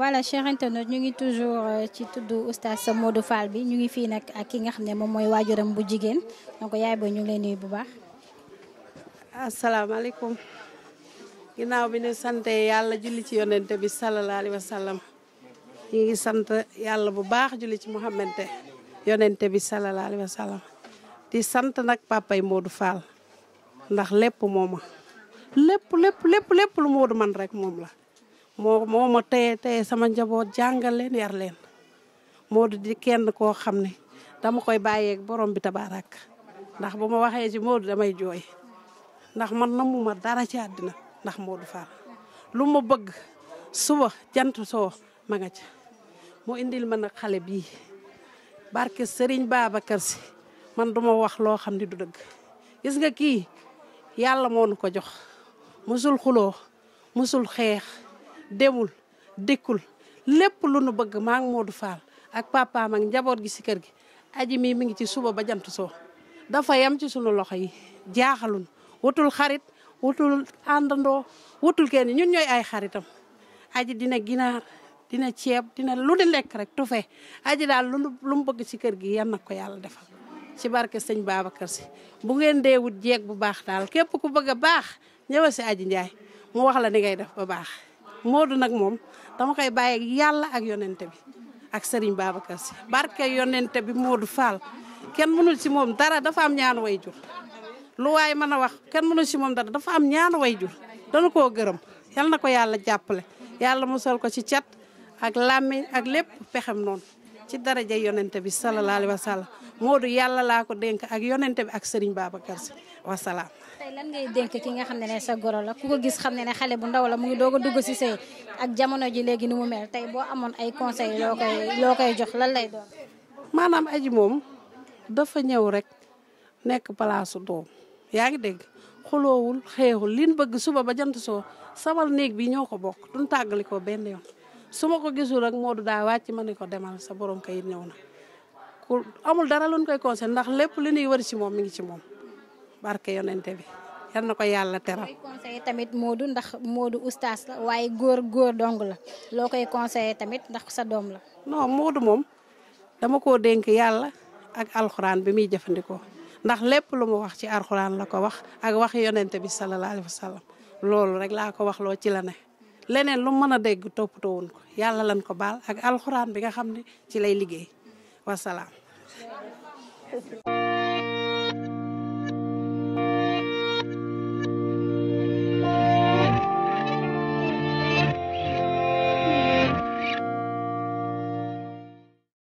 wala chers internautes ñu ngi toujours euh, ci tudd oustaz Modou Fall bi ñu ngi fii nag ak ki nga xam ne moom mooy waajuram bu jigéen donc yaay booy ñu ngi lay nuyu bu baax. asalaamaaleykum ginnaaw bi ne sant yàlla julli ci yonente bi sallallahu alayhi sallam ñu ngi sant yàlla bu baax julli ci Muhammad yonente bi sallallahu alayhi wa di sant nag papay Modou Fall ndax lépp mooma lépp lépp lépp lépp lu Modou man rek moom la. moo moo ma téye téye sama njaboot jàngal leen yar leen Modou di kenn koo xam ne dama koy bàyyeeg borom bi tabaarak ndax bu ma waxee ci moo Modou damay jooy ndax man namu dara ci àddina ndax Modou far lu ma bëgg suba jant soo ma nga ca mu indil ma nag xale bii barke Serigne Babacar si man duma wax loo xam ne du dëgg gis nga kii yàlla moo nu ko jox musul xuloo musul xeex demul dikkul lépp lu nu bëgg maa ngi Modou Fall ak papaam ak njaboot gi si kër gi aji mii mi ngi ci suba ba jant soo dafa yem ci sunu loxo yi jaaxalun wutul xarit wutul àndandoo wutul kenn ñun ñooy ay xaritam aji dina ginaar dina ceeb dina lu di lekk rek tufe aji daal lu lu bëgg ci kër gi yan na ko yàlla defal ci barke sëñ Babacar si bu ngeen dee wut jeeg bu baax daal képp ku bëgg a baax ñëwal si aji Njaay mu wax la ni ngay def ba baax Modou nag moom dama koy bàyyi yàlla ak yonente bi ak Serigne Babacar Sy barke yonente bi Modou Fall kenn mënul si moom dara dafa am ñaan way jur lu waay mën a wax kenn mënul si moom dara dafa am ñaanu way jur dana koo gërëm yal na ko yàlla jàppale yàlla musal ko ci cat ak làmmiñ ak lépp pexem noonu ci daraja yonente bi sallallahu alayhi wa sallam Moodu yàlla laa ko dénk ak yonente bi ak Serigne Babacar Sy wasalaam. tey lan ngay dénk ki nga xam ne ne sa goro la ku ko gis xam ne ne xale bu ndaw la mu ngi doog a dugg si sëy ak jamono ji léegi ni mu mel tey boo amoon ay conseil loo koy loo koy jox lan lay doon. maanaam aji moom dafa ñëw rek nekk palaasu doom yaa ngi dégg xuloowul xeexul liñ bëgg suba ba jant soo sabal néeg bi ñoo ko bokk duñ tàggali ko benn yoon. su ma ko gisul rek Modou daa wàcc ma ne ko demal sa borom kayit ñëw na amul dara luñ koy conseil ndax lépp li ñuy wër ci moom mi ngi ci moom barke yonente bi yal na ko yàlla teral. conseil tamit Modou ndax moodu oustaz la waaye góor góor dong la loo koy conseillé tamit ndax sa doom la. non Modou moom dama ko dénk yàlla ak alxuraan bi muy jëfandikoo ndax lépp lu mu wax ci alxuraan la ko wax ak wax yonente bi sallallahu alayhi loolu rek laa ko wax loo ci la ne. leneen lu mën a dégg toppatoo woon ko yàlla lan ko baal ak alxuraan bi nga xam ne ci lay liggéey wasalaam.